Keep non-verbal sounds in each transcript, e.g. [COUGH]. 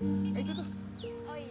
Ey dur dur. Ay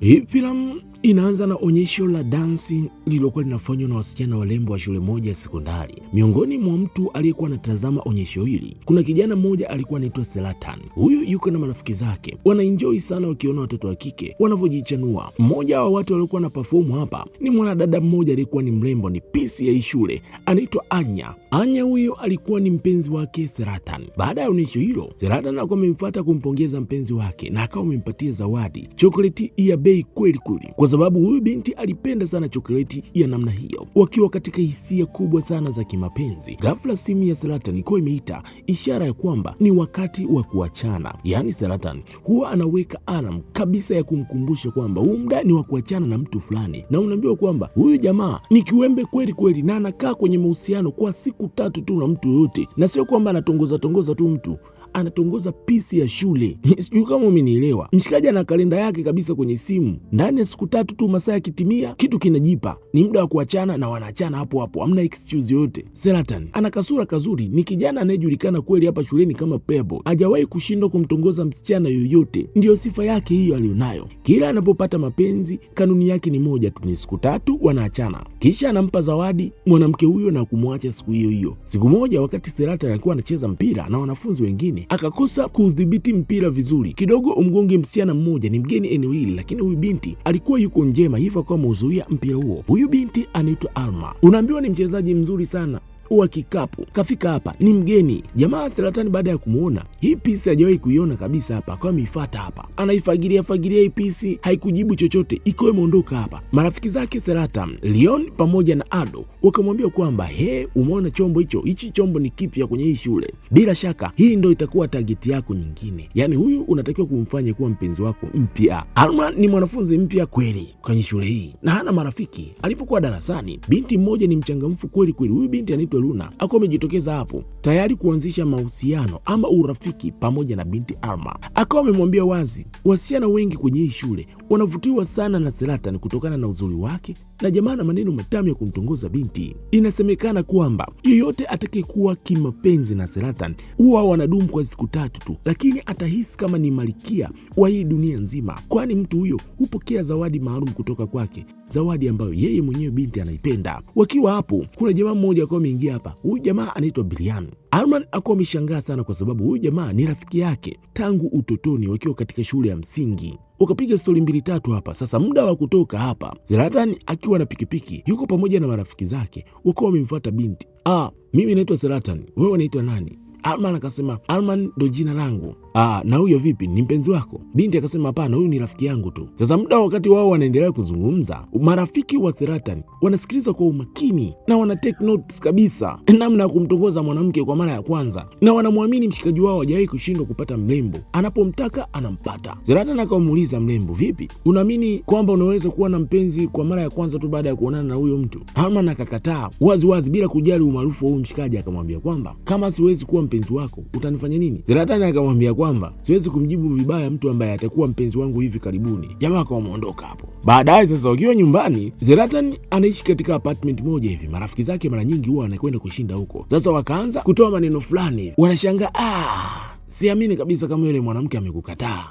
İyi plan Inaanza na onyesho la dansi lililokuwa linafanywa na wasichana warembo wa shule moja ya sekondari. Miongoni mwa mtu aliyekuwa anatazama onyesho hili, kuna kijana mmoja alikuwa anaitwa Selatan. Huyu yuko na marafiki zake, wanainjoi sana wakiona watoto wa kike wanavyojichanua. Mmoja wa watu waliokuwa na pafomu hapa ni mwanadada mmoja aliyekuwa ni mrembo, ni pisi ya hii shule, anaitwa Anya. Anya huyo alikuwa ni mpenzi wake Selatan. Baada ya onyesho hilo, Selatan alikuwa amemfuata kumpongeza mpenzi wake na akawa amempatia zawadi chokoleti ya bei kweli kweli kwa sababu huyu binti alipenda sana chokoleti ya namna hiyo. Wakiwa katika hisia kubwa sana za kimapenzi, ghafla simu ya Selatan ikiwa imeita, ishara ya kwamba ni wakati wa kuachana. Yaani Selatan huwa anaweka alam kabisa ya kumkumbusha kwamba huu muda ni wa kuachana na mtu fulani, na unaambiwa kwamba huyu jamaa ni kiwembe kweli kweli, na anakaa kwenye mahusiano kwa siku tatu tu na mtu yoyote, na sio kwamba anatongoza tongoza tu mtu anatongoza pisi ya shule. [LAUGHS] Sijui kama umenielewa. Mshikaji ana kalenda yake kabisa kwenye simu. Ndani ya siku tatu tu masaa yakitimia, kitu kinajipa, ni muda wa kuachana na wanaachana hapo hapo, amna excuse yoyote. Selatan ana kasura kazuri, ni kijana anayejulikana kweli hapa shuleni kama pebo. Hajawahi kushindwa kumtongoza msichana yoyote, ndiyo sifa yake hiyo aliyonayo. Kila anapopata mapenzi, kanuni yake ni moja tu, ni siku tatu wanaachana, kisha anampa zawadi mwanamke huyo na kumwacha siku hiyo hiyo. Siku moja wakati Selatan alikuwa anacheza mpira na wanafunzi wengine akakosa kuudhibiti mpira vizuri, kidogo umgonge msichana mmoja ni mgeni eneo hili, lakini huyu binti alikuwa yuko njema, hivyo akawa ameuzuia mpira huo. Huyu binti anaitwa Alma, unaambiwa ni mchezaji mzuri sana wa kikapu kafika hapa, ni mgeni jamaa Selatani. Baada ya kumwona hii pisi hajawahi kuiona kabisa hapa, akawa ameifuata hapa, anaifagilia fagilia hii pisi, haikujibu chochote, ikiwa imeondoka hapa. Marafiki zake Seratan, Leon pamoja na Ado wakamwambia kwamba he, umeona chombo hicho, hichi chombo ni kipya kwenye hii shule, bila shaka hii ndo itakuwa tageti yako nyingine. Yani huyu unatakiwa kumfanya kuwa mpenzi wako mpya. Alma ni mwanafunzi mpya kweli kwenye shule hii na hana marafiki. Alipokuwa darasani, binti mmoja ni mchangamfu kweli kweli, huyu binti anaitwa anaitwa Luna akawa amejitokeza hapo tayari kuanzisha mahusiano ama urafiki pamoja na binti Alma. Akawa amemwambia wazi, wasichana wengi kwenye hii shule wanavutiwa sana na Selatani kutokana na uzuri wake na jamaa na maneno matamu ya kumtongoza binti. Inasemekana kwamba yeyote atakayekuwa kimapenzi na Selatan huwa wanadumu kwa siku tatu tu, lakini atahisi kama ni malikia wa hii dunia nzima, kwani mtu huyo hupokea zawadi maalum kutoka kwake, zawadi ambayo yeye mwenyewe binti anaipenda. Wakiwa hapo, kuna jamaa mmoja akawa ameingia hapa. Huyu jamaa anaitwa Brian. Arman akuwa ameshangaa sana, kwa sababu huyu jamaa ni rafiki yake tangu utotoni, wakiwa katika shule ya msingi ukapiga stori mbili tatu hapa. Sasa muda wa kutoka hapa, Zlatan akiwa na pikipiki yuko pamoja na marafiki zake wakiwa wamemfuata binti. Ah, mimi naitwa Zlatan, wewe unaitwa nani? Alman akasema Alman ndo jina langu. Ah, na huyo vipi, ni mpenzi wako? Binti akasema hapana, huyu ni rafiki yangu tu. Sasa muda wakati wao wanaendelea kuzungumza, marafiki wa Seratan wanasikiliza kwa umakini na wana take notes kabisa [LAUGHS] namna ya kumtongoza mwanamke kwa mara ya kwanza, na wanamwamini mshikaji wao hajawahi kushindwa kupata mrembo, anapomtaka anampata. Seratan akamuuliza mrembo, vipi, unaamini kwamba unaweza kuwa na mpenzi kwa mara ya kwanza tu baada ya kuonana na huyo mtu? Harman akakataa waziwazi bila kujali umaarufu wa huyu mshikaji, akamwambia kwamba kama siwezi kuwa mpenzi wako utanifanya nini? Seratan akamwambia kwamba siwezi kumjibu vibaya mtu ambaye atakuwa mpenzi wangu hivi karibuni. Jamaa akawa ameondoka hapo. Baadaye sasa, wakiwa nyumbani, Zlatan anaishi katika apartment moja hivi, marafiki zake mara nyingi huwa anakwenda kushinda huko. Sasa wakaanza kutoa maneno fulani, wanashangaa, ah, siamini kabisa kama yule mwanamke amekukataa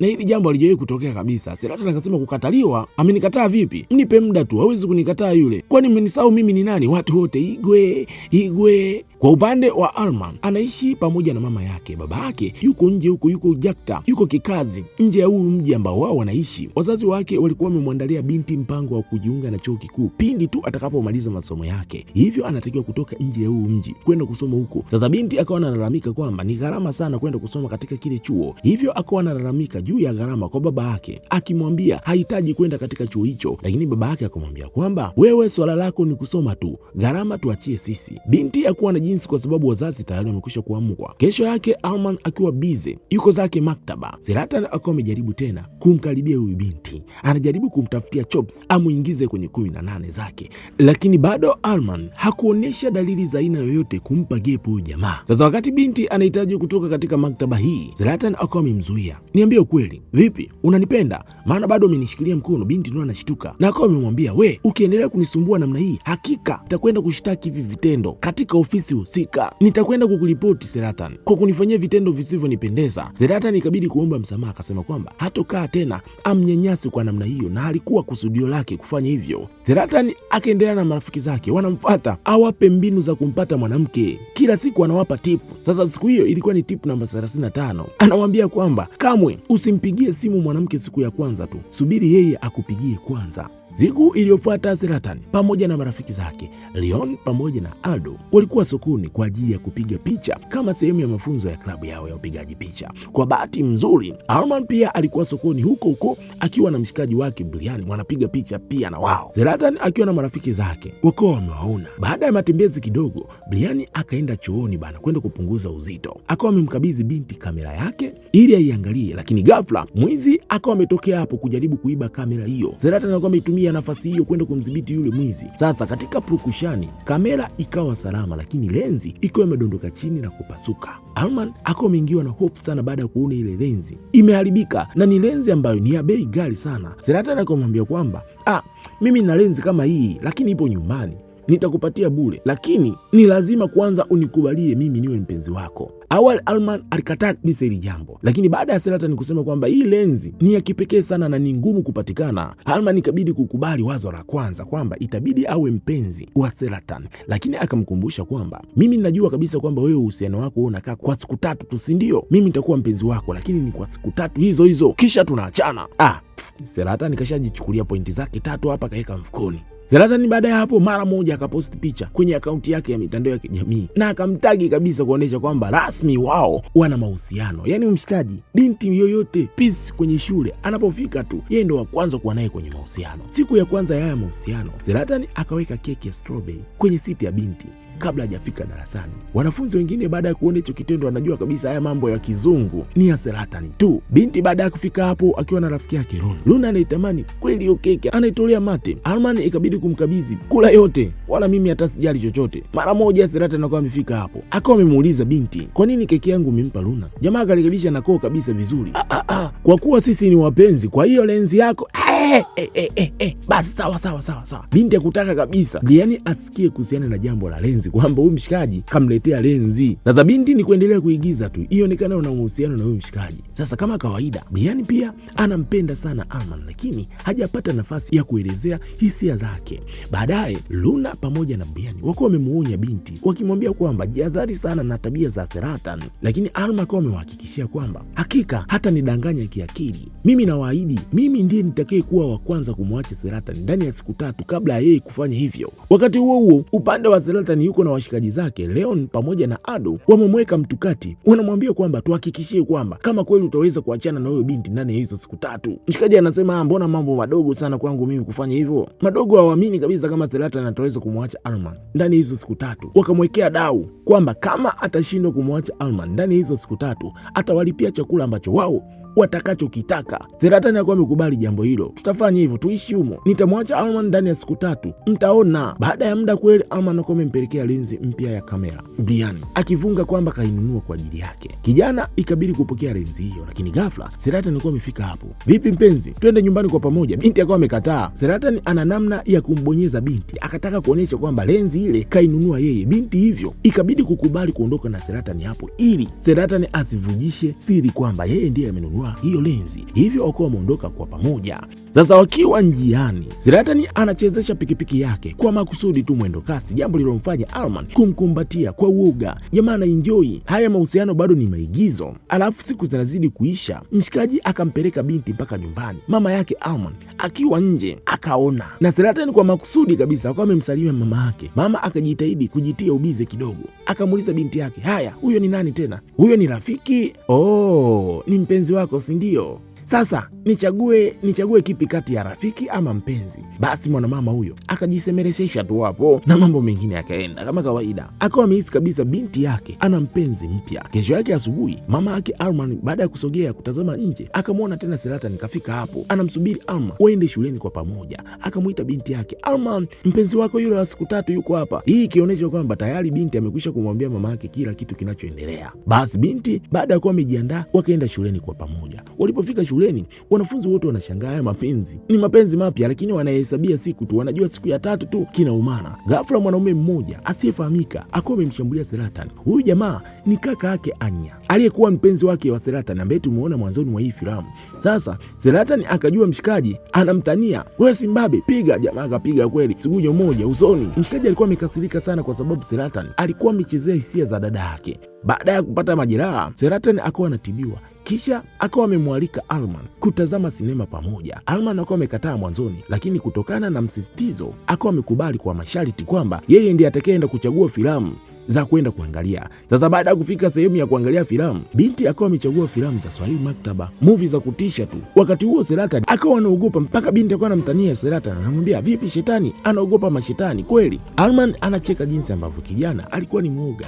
na hili jambo halijawahi kutokea kabisa. Serata akasema kukataliwa? Amenikataa vipi? Mnipe muda tu, hawezi kunikataa yule. Kwani mmenisahau mimi ni nani? Watu wote Igwe, Igwe. Kwa upande wa Alma, anaishi pamoja na mama yake, baba yake yuko nje huko, yuko Jakta, yuko kikazi nje ya huu mji ambao wao wanaishi. Wazazi wake walikuwa wamemwandalia binti mpango wa kujiunga na chuo kikuu pindi tu atakapomaliza masomo yake, hivyo anatakiwa kutoka nje ya huu mji kwenda kusoma huko. Sasa binti akawa analalamika kwamba ni gharama sana kwenda kusoma katika kile chuo, hivyo akawa analalamika malalamika juu ya gharama kwa baba yake, akimwambia hahitaji kwenda katika chuo hicho, lakini baba yake akamwambia kwamba wewe, swala lako ni kusoma tu, gharama tuachie sisi. Binti hakuwa na jinsi, kwa sababu wazazi tayari wamekwisha kuamkwa Kesho yake Alman akiwa bize yuko zake maktaba, Zlatan akawa amejaribu tena kumkaribia huyu binti, anajaribu kumtafutia chops amwingize kwenye kumi na nane zake, lakini bado Alman hakuonyesha dalili za aina yoyote kumpa gepo huyu jamaa. Sasa wakati binti anahitaji kutoka katika maktaba hii, Zlatan akawa amemzuia niambia niambie ukweli, vipi, unanipenda? Maana bado amenishikilia mkono. Binti ndio anashtuka na akawa amemwambia we, ukiendelea kunisumbua namna hii, hakika nitakwenda kushtaki hivi vitendo katika ofisi husika. Nitakwenda kukuripoti Seratan kwa kunifanyia vitendo visivyonipendeza. Seratan ikabidi kuomba msamaha, akasema kwamba hatokaa tena amnyanyasi kwa namna hiyo, na alikuwa kusudio lake kufanya hivyo. Seratan akaendelea na marafiki zake, wanamfata awape mbinu za kumpata mwanamke. Kila siku anawapa tipu. Sasa siku hiyo ilikuwa ni tipu namba 35, anawambia kwamba kamwe Usimpigie simu mwanamke siku ya kwanza tu, subiri yeye akupigie kwanza. Siku iliyofuata Zlatan pamoja na marafiki zake Leon pamoja na Aldo walikuwa sokoni kwa ajili ya kupiga picha kama sehemu ya mafunzo ya klabu yao ya upigaji picha. Kwa bahati mzuri, Arman pia alikuwa sokoni huko huko akiwa na mshikaji wake Brian, wanapiga picha pia na wao. Zlatan akiwa na marafiki zake wakiwa wamewaona. Baada ya matembezi kidogo, Brian akaenda chooni bana kwenda kupunguza uzito, akawa amemkabidhi binti kamera yake ili aiangalie, lakini ghafla mwizi akawa ametokea hapo kujaribu kuiba kamera hiyo. Zlatan akawa ametumia alitumia nafasi hiyo kwenda kumdhibiti yule mwizi. Sasa katika purukushani, kamera ikawa salama, lakini lenzi ikiwa imedondoka chini na kupasuka. Alman akawa ameingiwa na hofu sana baada ya kuona ile lenzi imeharibika na ni lenzi ambayo ni ya bei ghali sana. Seratani akamwambia kwamba ah, mimi nina lenzi kama hii, lakini ipo nyumbani nitakupatia bure, lakini ni lazima kwanza unikubalie mimi niwe mpenzi wako. Awali Alman alikataa kabisa hili jambo, lakini baada ya Selatan kusema kwamba hii lenzi ni ya kipekee sana na ni ngumu kupatikana, Alman ikabidi kukubali wazo la kwanza kwamba itabidi awe mpenzi wa Selatan, lakini akamkumbusha kwamba mimi ninajua kabisa kwamba wewe uhusiano wako unakaa kwa siku tatu tu, si ndio? Mimi nitakuwa mpenzi wako, lakini ni kwa siku tatu hizo hizo, kisha tunaachana. Ah, Selatan kashajichukulia pointi zake tatu hapa, kaweka mfukoni. Zlatan baada ya hapo mara moja akaposti picha kwenye akaunti yake ya mitandao ya kijamii na akamtagi kabisa kuonesha kwamba rasmi wao wana mahusiano. Yaani umshikaji, binti yoyote Peace kwenye shule anapofika tu yeye ndo wa kwanza kuwa naye kwenye mahusiano. Siku ya kwanza ya haya mahusiano, Zlatan akaweka keki ya strawberry kwenye siti ya binti kabla hajafika darasani. Wanafunzi wengine baada ya kuona hicho kitendo, wanajua kabisa haya mambo ya kizungu ni ya seratani tu. Binti baada ya kufika hapo akiwa na rafiki yake Luna, Luna anaitamani kweli hiyo keki, anaitolea mate Arman, ikabidi kumkabidhi kula yote, wala mimi hata sijali chochote. Mara moja seratani akawa amefika hapo, akawa amemuuliza binti, kwa nini keki yangu umempa Luna? Jamaa akarekebisha nakoo kabisa vizuri, ah, ah, ah, kwa kuwa sisi ni wapenzi, kwa hiyo lenzi yako ah, eh, eh, eh, eh, eh. Basi sawa sawa sawa sawa, binti akutaka kabisa, yani asikie kuhusiana na jambo la lenzi kwamba huyu mshikaji kamletea lenzi. Sasa binti ni kuendelea kuigiza tu, ionekana na uhusiano na huyu mshikaji. Sasa kama kawaida, Brian pia anampenda sana Arman, lakini hajapata nafasi ya kuelezea hisia zake. Baadaye Luna pamoja na Brian wakuwa wamemuonya binti wakimwambia kwamba jihadhari sana na tabia za Seratan, lakini Arman akawa amewahakikishia kwamba hakika hata nidanganya kiakili, mimi nawaahidi, mimi ndiye nitakaye alikuwa wa kwanza kumwacha Selatan ndani ya siku tatu kabla ya yeye kufanya hivyo. Wakati huo huo, upande wa seratani yuko na washikaji zake Leon pamoja na Ado wamemweka mtukati wanamwambia kwamba tuhakikishie kwamba kama kweli utaweza kuachana na huyo binti ndani ya hizo siku tatu. Mshikaji anasema ah, mbona mambo madogo sana kwangu mimi kufanya hivyo. Madogo hawaamini kabisa kama seratani ataweza kumwacha Alman ndani ya hizo siku tatu. Wakamwekea dau kwamba kama atashindwa kumwacha Alman ndani ya hizo siku tatu atawalipia chakula ambacho wao watakachokitaka. Zlatan akuwa amekubali jambo hilo, tutafanya hivyo, tuishi humo, nitamwacha Alman ndani ya siku tatu, mtaona. Baada ya muda kweli Alman akuwa amempelekea lenzi mpya ya kamera Brian akifunga kwamba kainunua kwa ajili yake. Kijana ikabidi kupokea lenzi hiyo, lakini ghafla Zlatan akuwa amefika hapo. Vipi mpenzi, twende nyumbani kwa pamoja? Binti akawa amekataa. Zlatan ana namna ya kumbonyeza binti, akataka kuonyesha kwamba lenzi ile kainunua yeye. Binti hivyo ikabidi kukubali kuondoka na Zlatan hapo, ili Zlatan asivujishe siri kwamba yeye ndiye amenunua kutoka hiyo lenzi, hivyo wakuwa wameondoka kwa pamoja. Sasa wakiwa njiani, Zlatan anachezesha pikipiki yake kwa makusudi tu mwendo kasi, jambo lilomfanya Alman kumkumbatia kwa uoga. Jamaa anaenjoi haya mahusiano, bado ni maigizo. Alafu siku zinazidi kuisha, mshikaji akampeleka binti mpaka nyumbani. Mama yake Alman akiwa nje akaona, na Zlatan kwa makusudi kabisa akawa amemsalimia mama yake. Mama akajitahidi kujitia ubize kidogo akamuuliza binti yake, haya, huyo ni nani tena? Huyo ni rafiki? Oh, ni mpenzi wako, si ndio? Sasa nichague nichague kipi kati ya rafiki ama mpenzi? Basi mwanamama huyo akajisemereshesha tu hapo na mambo mengine yakaenda kama kawaida, akawa amehisi kabisa binti yake ana mpenzi mpya. Kesho yake asubuhi, mama yake Arman baada ya kusogea kutazama nje akamwona tena Selatan kafika hapo anamsubiri Arman waende shuleni kwa pamoja. Akamwita binti yake, Arman, mpenzi wako yule wa siku tatu yuko hapa. Hii ikionyesha kwamba tayari binti amekwisha kumwambia mama yake kila kitu kinachoendelea. Basi binti baada ya kuwa amejiandaa, wakaenda shuleni kwa pamoja. Walipofika shuleni shuleni. Wanafunzi wote wanashangaa haya mapenzi ni mapenzi mapya, lakini wanahesabia siku tu, wanajua siku ya tatu tu kinaumana. Ghafla mwanaume mmoja asiyefahamika akiwa amemshambulia Seratan. Huyu jamaa ni kaka yake Anya aliyekuwa mpenzi wake wa Seratan ambaye tumeona mwanzoni mwa hii filamu. Sasa Seratan akajua mshikaji anamtania, wewe simbabe, piga. Jamaa akapiga kweli, sigujo moja usoni. Mshikaji alikuwa amekasirika sana, kwa sababu Seratan alikuwa amechezea hisia za dada yake. Baada ya kupata majeraha, Seratan akawa anatibiwa kisha akawa amemwalika Arman kutazama sinema pamoja. Arman akawa amekataa mwanzoni, lakini kutokana na msisitizo akawa amekubali kwa masharti kwamba yeye ndiye atakayeenda kuchagua filamu za kwenda kuangalia. Sasa baada ya kufika sehemu ya kuangalia filamu, binti akawa amechagua filamu za Swahili maktaba, muvi za kutisha tu. Wakati huo serata akawa anaogopa mpaka binti akawa anamtania serata anamwambia vipi, shetani anaogopa mashetani kweli? Arman anacheka jinsi ambavyo kijana alikuwa ni mwoga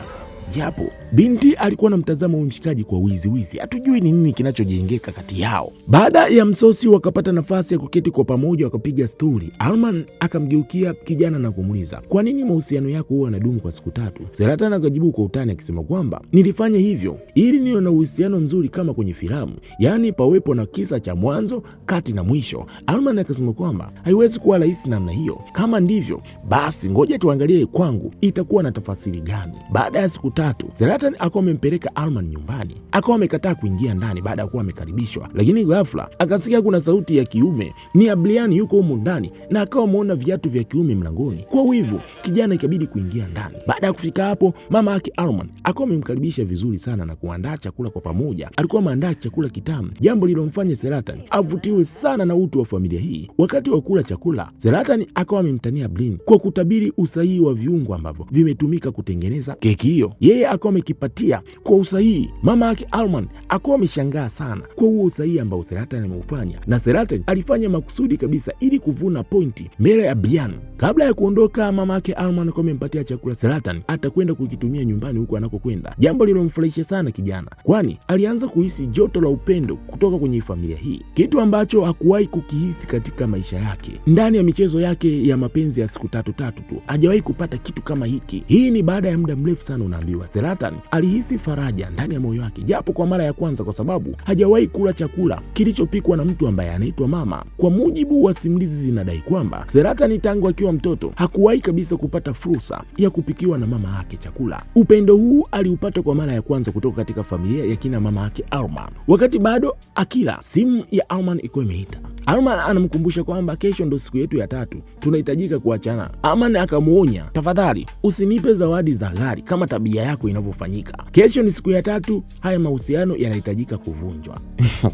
japo binti alikuwa na mtazamo wa mshikaji kwa wizi wizi, Hatujui ni nini kinachojengeka kati yao. Baada ya msosi, wakapata nafasi ya kuketi kwa pamoja, wakapiga stori. Alman akamgeukia kijana na kumuuliza, kwa nini mahusiano yako huwa yanadumu kwa siku tatu? Zlatan akajibu kwa utani akisema kwamba nilifanya hivyo ili niwe na uhusiano mzuri kama kwenye filamu, yaani pawepo na kisa cha mwanzo, kati na mwisho. Alman akasema kwamba haiwezi kuwa rahisi namna hiyo, kama ndivyo basi ngoja tuangalie kwangu itakuwa na tafasiri gani. Baada ya siku tatu, Zlatan akawa amempeleka Alman nyumbani, akawa amekataa kuingia ndani baada ya kuwa amekaribishwa, lakini ghafla akasikia kuna sauti ya kiume, ni Abliani yuko humu ndani, na akawa ameona viatu vya kiume mlangoni. Kwa wivu kijana ikabidi kuingia ndani. Baada ya kufika hapo, mama yake Alman akawa amemkaribisha vizuri sana na kuandaa chakula kwa pamoja. Alikuwa ameandaa chakula kitamu, jambo lilomfanya Zlatan avutiwe sana na utu wa familia hii. Wakati wa kula chakula, Zlatan akawa amemtania Blin kwa kutabiri usahihi wa viungo ambavyo vimetumika kutengeneza keki hiyo yeye akawa amekipatia kwa usahihi. Mama yake Alman akawa ameshangaa sana kwa huo usahihi ambao Seratan ameufanya, na Seratan alifanya makusudi kabisa ili kuvuna pointi mbele ya Brian. Kabla ya kuondoka, mama yake Alman akawa amempatia chakula Seratan atakwenda kukitumia nyumbani huko anakokwenda, jambo lilomfurahisha sana kijana, kwani alianza kuhisi joto la upendo kutoka kwenye familia hii, kitu ambacho hakuwahi kukihisi katika maisha yake. Ndani ya michezo yake ya mapenzi ya siku tatu tatu tu hajawahi kupata kitu kama hiki. Hii ni baada ya muda mrefu sana unaambiwa kuhesabiwa. Zlatan alihisi faraja ndani ya moyo wake, japo kwa mara ya kwanza, kwa sababu hajawahi kula chakula kilichopikwa na mtu ambaye anaitwa mama. Kwa mujibu wa simulizi, zinadai kwamba Zlatan tangu akiwa mtoto hakuwahi kabisa kupata fursa ya kupikiwa na mama yake chakula. Upendo huu aliupata kwa mara ya kwanza kutoka katika familia ya kina mama yake Arman. Wakati bado akila, simu ya Arman iko imeita aman anamkumbusha kwamba kesho ndo siku yetu ya tatu, tunahitajika kuachana. Aman akamwonya tafadhali usinipe zawadi za gari kama tabia yako inavyofanyika. Kesho ni siku ya tatu, haya mahusiano yanahitajika kuvunjwa. [LAUGHS]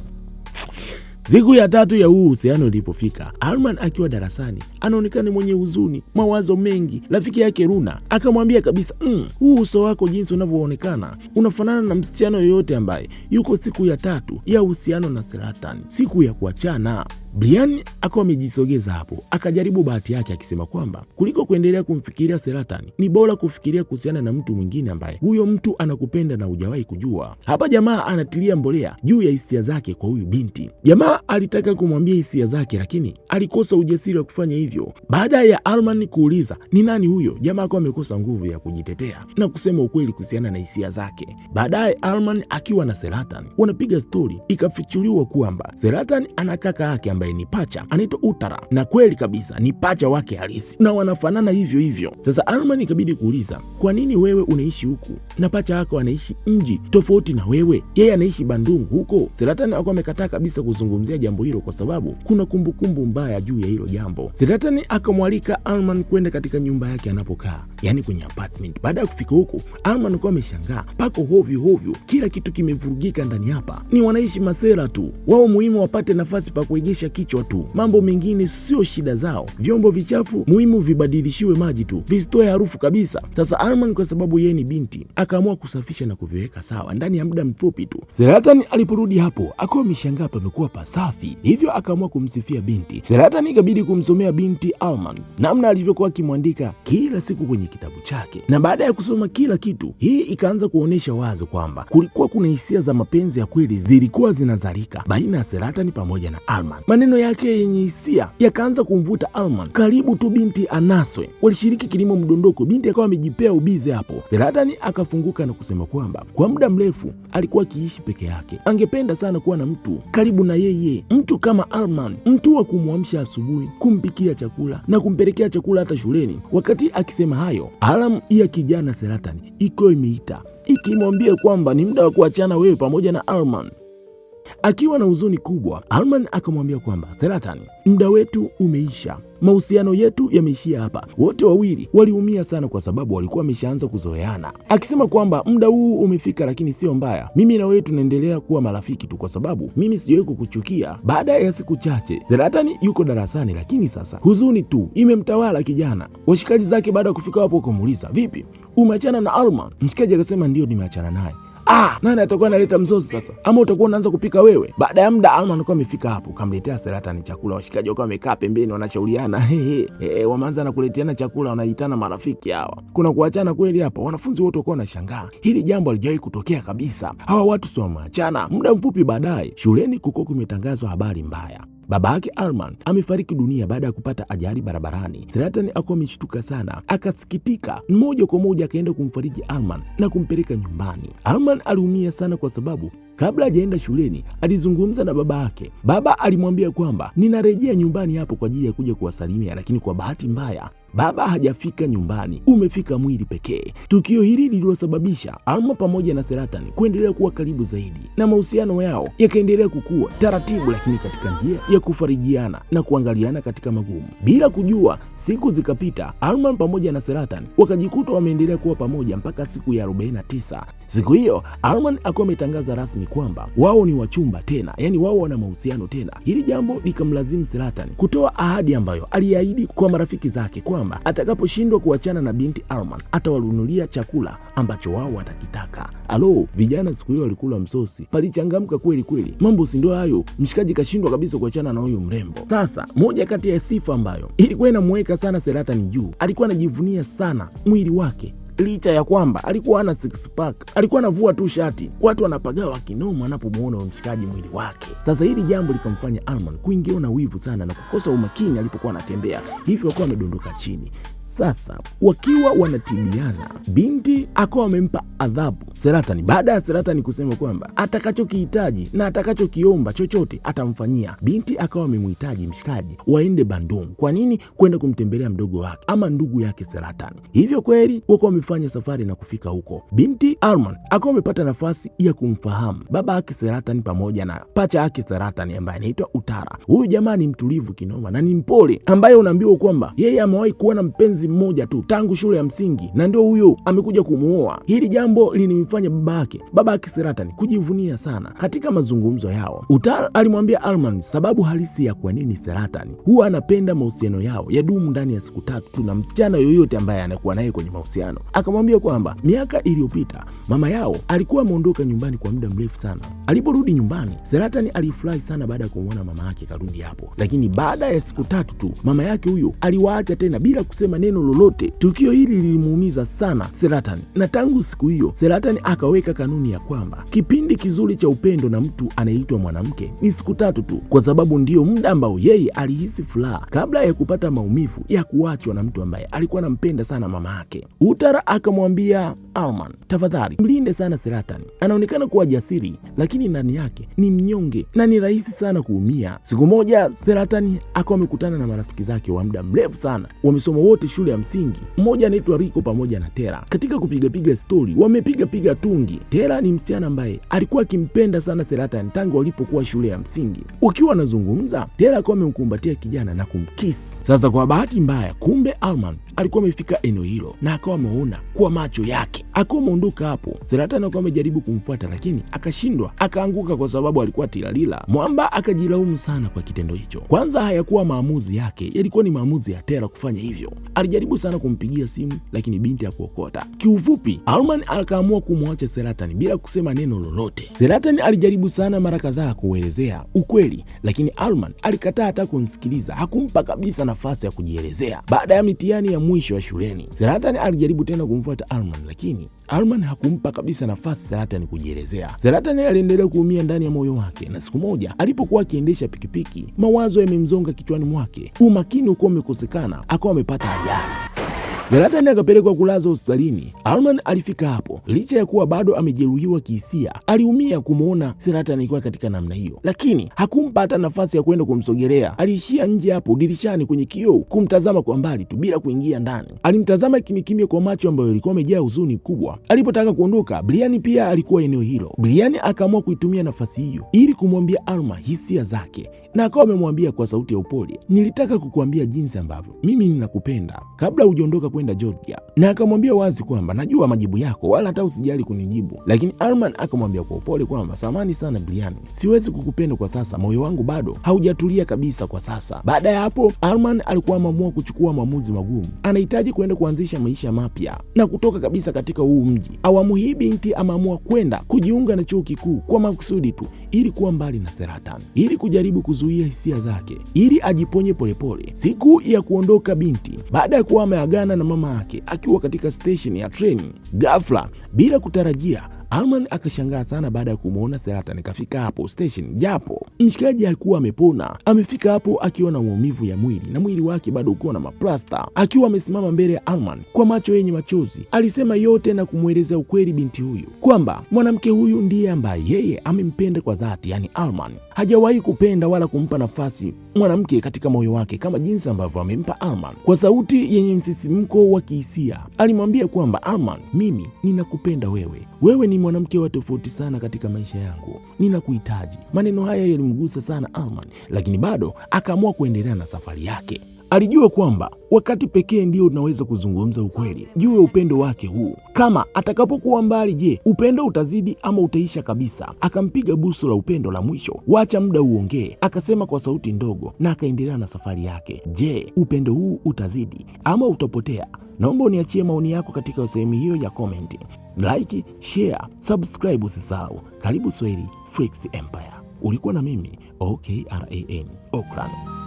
Siku ya tatu ya huu uhusiano ilipofika, Arman akiwa darasani anaonekana mwenye huzuni, mawazo mengi. Rafiki yake Runa akamwambia kabisa, mm, huu uso wako jinsi unavyoonekana unafanana na msichana yoyote ambaye yuko siku ya tatu ya uhusiano na selatan siku ya kuachana. Brian akawa amejisogeza hapo, akajaribu bahati yake akisema kwamba kuliko kuendelea kumfikiria Seratani ni bora kufikiria kuhusiana na mtu mwingine ambaye huyo mtu anakupenda na hujawahi kujua. Hapa jamaa anatilia mbolea juu ya hisia zake kwa huyu binti. Jamaa alitaka kumwambia hisia zake, lakini alikosa ujasiri wa kufanya hivyo. Baada ya Arman kuuliza ni nani huyo, jamaa akawa amekosa nguvu ya kujitetea na kusema ukweli kuhusiana na hisia zake. Baadaye Arman akiwa na seratani wanapiga stori, ikafichuliwa kwamba seratani ana kaka yake ambaye ambaye ni pacha anaitwa Utara, na kweli kabisa ni pacha wake halisi na wanafanana hivyo hivyo. Sasa Arman ikabidi kuuliza, kwa nini wewe unaishi huku na pacha wako anaishi mji tofauti na wewe, yeye anaishi Bandungu huko? Zlatan akuwa amekataa kabisa kuzungumzia jambo hilo kwa sababu kuna kumbukumbu kumbu mbaya juu ya hilo jambo. Zlatan akamwalika Arman kwenda katika nyumba yake anapokaa, yani kwenye apartment. Baada ya kufika huko, Arman akuwa ameshangaa, pako hovyo hovyo, kila kitu kimevurugika ndani hapa, ni wanaishi masera tu, wao muhimu wapate nafasi pa kuegesha kichwa tu, mambo mengine sio shida zao. Vyombo vichafu muhimu vibadilishiwe maji tu, visitoe harufu kabisa. Sasa Arman kwa sababu yeye ni binti akaamua kusafisha na kuviweka sawa ndani ya muda mfupi tu. Zlatan aliporudi hapo akiwa ameshangaa pamekuwa pasafi, hivyo akaamua kumsifia binti. Zlatan ikabidi kumsomea binti Arman namna alivyokuwa akimwandika kila siku kwenye kitabu chake, na baada ya kusoma kila kitu, hii ikaanza kuonyesha wazi kwamba kulikuwa kuna hisia za mapenzi ya kweli zilikuwa zinazalika baina ya Zlatan pamoja na Arman. Maneno yake yenye hisia yakaanza kumvuta Alman karibu tu binti anaswe. Walishiriki kilimo mdondoko, binti akawa amejipea ubize hapo. Zlatan akafunguka na kusema kwamba kwa muda mrefu alikuwa akiishi peke yake, angependa sana kuwa na mtu karibu na yeye, mtu kama Alman, mtu wa kumwamsha asubuhi, kumpikia chakula na kumpelekea chakula hata shuleni. Wakati akisema hayo, alam ya kijana Zlatan ikiwa imeita ikimwambia kwamba ni muda wa kuachana wewe pamoja na Alman. Akiwa na huzuni kubwa, Alman akamwambia kwamba Zlatan, muda wetu umeisha, mahusiano yetu yameishia hapa. Wote wawili waliumia sana, kwa sababu walikuwa wameshaanza kuzoeana, akisema kwamba muda huu umefika, lakini sio mbaya, mimi na wewe tunaendelea kuwa marafiki tu, kwa sababu mimi sijawahi kukuchukia. Baada ya siku chache, Zlatan yuko darasani, lakini sasa huzuni tu imemtawala kijana. Washikaji zake baada ya kufika wapo wakamuuliza, vipi, umeachana na Alman? Mshikaji akasema, ndiyo, nimeachana naye ah, nani atakuwa analeta mzozo sasa? Ama utakuwa unaanza kupika wewe. Baada ya muda Alma anakuwa amefika hapo, kamletea Seratani chakula, washikaji wakawa wamekaa pembeni wanashauriana. [LAUGHS] Eh, wameanza na kuleteana chakula, wanaitana marafiki hawa. Kuna kuachana kweli hapa. Wanafunzi wote wakawa wanashangaa. Hili jambo halijawahi kutokea kabisa. Hawa watu sio wameachana. Muda mfupi baadaye shuleni kuko kumetangazwa habari mbaya. Baba yake Arman amefariki dunia baada ya kupata ajali barabarani. Zlatan akuwa ameshtuka sana, akasikitika, moja kwa moja akaenda kumfariji Arman na kumpeleka nyumbani. Arman aliumia sana kwa sababu Kabla hajaenda shuleni, alizungumza na baba yake. Baba alimwambia kwamba ninarejea nyumbani hapo kwa ajili ya kuja kuwasalimia, lakini kwa bahati mbaya baba hajafika nyumbani, umefika mwili pekee. Tukio hili liliwasababisha Alma pamoja na Seratani kuendelea kuwa karibu zaidi na mahusiano yao yakaendelea kukua taratibu, lakini katika njia ya kufarijiana na kuangaliana katika magumu. Bila kujua, siku zikapita, Alma pamoja na seratan wakajikuta wameendelea kuwa pamoja mpaka siku ya 49. Siku hiyo Alma akiwa ametangaza rasmi ni kwamba wao ni wachumba tena, yani wao wana mahusiano tena. Hili jambo likamlazimu Selatan kutoa ahadi ambayo aliahidi kwa marafiki zake kwamba atakaposhindwa kuachana na binti Arman atawanunulia chakula ambacho wao watakitaka. Alo, vijana siku hiyo walikula msosi, palichangamka kweli kweli. Mambo si ndio hayo? Mshikaji kashindwa kabisa kuachana na huyu mrembo. Sasa moja kati ya sifa ambayo ilikuwa inamweka sana Selatan juu, alikuwa anajivunia sana mwili wake licha ya kwamba alikuwa ana six pack, alikuwa anavua tu shati, watu wanapagawa kinoma anapomuona mshikaji mwili wake. Sasa hili jambo likamfanya Almond kuingiwa na wivu sana na kukosa umakini alipokuwa anatembea, hivyo akawa amedondoka chini. Sasa wakiwa wanatibiana, binti akawa amempa adhabu Seratani. Baada ya Seratani kusema kwamba atakachokihitaji na atakachokiomba chochote atamfanyia, binti akawa amemhitaji mshikaji waende Bandung. Kwa nini? Kwenda kumtembelea mdogo wake ama ndugu yake Seratani. Hivyo kweli wako wamefanya safari na kufika huko, binti Arman akawa amepata nafasi ya kumfahamu baba yake Seratani pamoja na pacha yake Seratani ambaye anaitwa Utara. Huyu jamaa ni mtulivu kinoma na ni mpole, ambaye unaambiwa kwamba yeye amewahi kuwa na mpenzi mwezi mmoja tu tangu shule ya msingi, na ndio huyo amekuja kumuoa. Hili jambo lilimfanya baba yake baba yake Seratani kujivunia sana. Katika mazungumzo yao, Utar alimwambia Alman sababu halisi ya kwa nini Seratani huwa anapenda mahusiano yao ya dumu ndani ya siku tatu tu na mchana yoyote ambaye anakuwa naye kwenye mahusiano. Akamwambia kwamba miaka iliyopita mama yao alikuwa ameondoka nyumbani kwa muda mrefu sana. Aliporudi nyumbani, Seratani alifurahi sana baada ya kumwona mama yake karudi hapo, lakini baada ya siku tatu tu mama yake huyo aliwaacha tena bila kusema neno neno lolote. Tukio hili lilimuumiza sana Seratani, na tangu siku hiyo Seratani akaweka kanuni ya kwamba kipindi kizuri cha upendo na mtu anayeitwa mwanamke ni siku tatu tu, kwa sababu ndiyo muda ambao yeye alihisi furaha kabla ya kupata maumivu ya kuachwa na mtu ambaye alikuwa anampenda sana, mama yake. Utara akamwambia Alman, tafadhali mlinde sana Seratani, anaonekana kuwa jasiri, lakini ndani yake ni mnyonge na ni rahisi sana kuumia. Siku moja Seratani akawa amekutana na marafiki zake wa muda mrefu sana, wamesoma wote shule shule ya msingi, mmoja anaitwa Riko pamoja na Tera. Katika kupigapiga stori piga tungi. Tera ni msichana ambaye alikuwa akimpenda sana Selatan tangu walipokuwa shule ya msingi. Wakiwa wanazungumza, Tera alikuwa amemkumbatia kijana na kumkisi. Sasa kwa bahati mbaya, kumbe Alman alikuwa amefika eneo hilo na akawa ameona kwa macho yake. Akiwa ameondoka hapo, Selatan akawa amejaribu kumfuata lakini akashindwa, akaanguka kwa sababu alikuwa tilalila. Mwamba akajilaumu sana kwa kitendo hicho. Kwanza hayakuwa maamuzi yake, yalikuwa ni maamuzi ya Tera kufanya hivyo. Alija alijaribu sana kumpigia simu lakini binti hakuokota. Kiufupi, Alman akaamua kumwacha Seratani bila kusema neno lolote. Seratani alijaribu sana mara kadhaa kuelezea ukweli, lakini Alman alikataa hata kumsikiliza, hakumpa kabisa nafasi ya kujielezea. Baada ya mitihani ya mwisho ya shuleni, Seratani alijaribu tena kumfuata Alman, lakini Alman hakumpa kabisa nafasi Seratani kujielezea. Seratani aliendelea kuumia ndani ya moyo wake, na siku moja alipokuwa akiendesha pikipiki, mawazo yamemzonga kichwani mwake, umakini ukuwa umekosekana, akawa amepata ajali. Galatani akapelekwa kulazwa hospitalini. Alman alifika hapo licha ya kuwa bado amejeruhiwa kihisia. Aliumia kumwona Seratani akiwa katika namna hiyo, lakini hakumpa hata nafasi ya kwenda kumsogelea. Aliishia nje hapo dirishani kwenye kioo kumtazama kwa mbali tu bila kuingia ndani. Alimtazama kimikimya kwa macho ambayo yalikuwa amejaa huzuni kubwa. Alipotaka kuondoka, Brian pia alikuwa eneo hilo. Brian akaamua kuitumia nafasi hiyo ili kumwambia Alma hisia zake na akawa amemwambia kwa sauti ya upole, nilitaka kukuambia jinsi ambavyo mimi ninakupenda kabla hujaondoka kwenda Georgia, na akamwambia wazi kwamba najua majibu yako wala hata usijali kunijibu. Lakini Arman akamwambia kwa upole kwamba samani sana Briani, siwezi kukupenda kwa sasa, moyo wangu bado haujatulia kabisa kwa sasa. Baada ya hapo, Arman alikuwa ameamua kuchukua maamuzi magumu, anahitaji kwenda kuanzisha maisha mapya na kutoka kabisa katika huu mji. Awamu hii binti ameamua kwenda kujiunga na chuo kikuu kwa makusudi tu ili kuwa mbali na Seratan, ili kujaribu kuzu kuzuia hisia zake ili ajiponye polepole. Siku ya kuondoka binti, baada ya kuwa ameagana na mama yake akiwa katika stesheni ya treni, ghafla bila kutarajia Alman akashangaa sana baada ya kumwona Selatan kafika hapo station, japo mshikaji alikuwa amepona. Amefika hapo akiwa na maumivu ya mwili na mwili wake bado ukiwa na maplasta, akiwa amesimama mbele ya Alman kwa macho yenye machozi. Alisema yote na kumweleza ukweli binti huyu kwamba mwanamke huyu ndiye ambaye yeye amempenda kwa dhati, yani Alman hajawahi kupenda wala kumpa nafasi mwanamke katika moyo wake kama jinsi ambavyo amempa Alman. Kwa sauti yenye msisimko wa kihisia alimwambia kwamba Alman, mimi ninakupenda wewe, wewe ni mwanamke wa tofauti sana katika maisha yangu, ninakuhitaji. Maneno haya yalimgusa sana Arman, lakini bado akaamua kuendelea na safari yake. Alijua kwamba wakati pekee ndio unaweza kuzungumza ukweli juu ya upendo wake huu. Kama atakapokuwa mbali, je, upendo utazidi ama utaisha kabisa? Akampiga busu la upendo la mwisho, wacha muda uongee, akasema kwa sauti ndogo, na akaendelea na safari yake. Je, upendo huu utazidi ama utapotea? Naomba uniachie maoni yako katika sehemu hiyo ya komenti. Like, share, subscribe usisahau. Karibu Swahili Flix Empire, ulikuwa na mimi OKRAN Okran.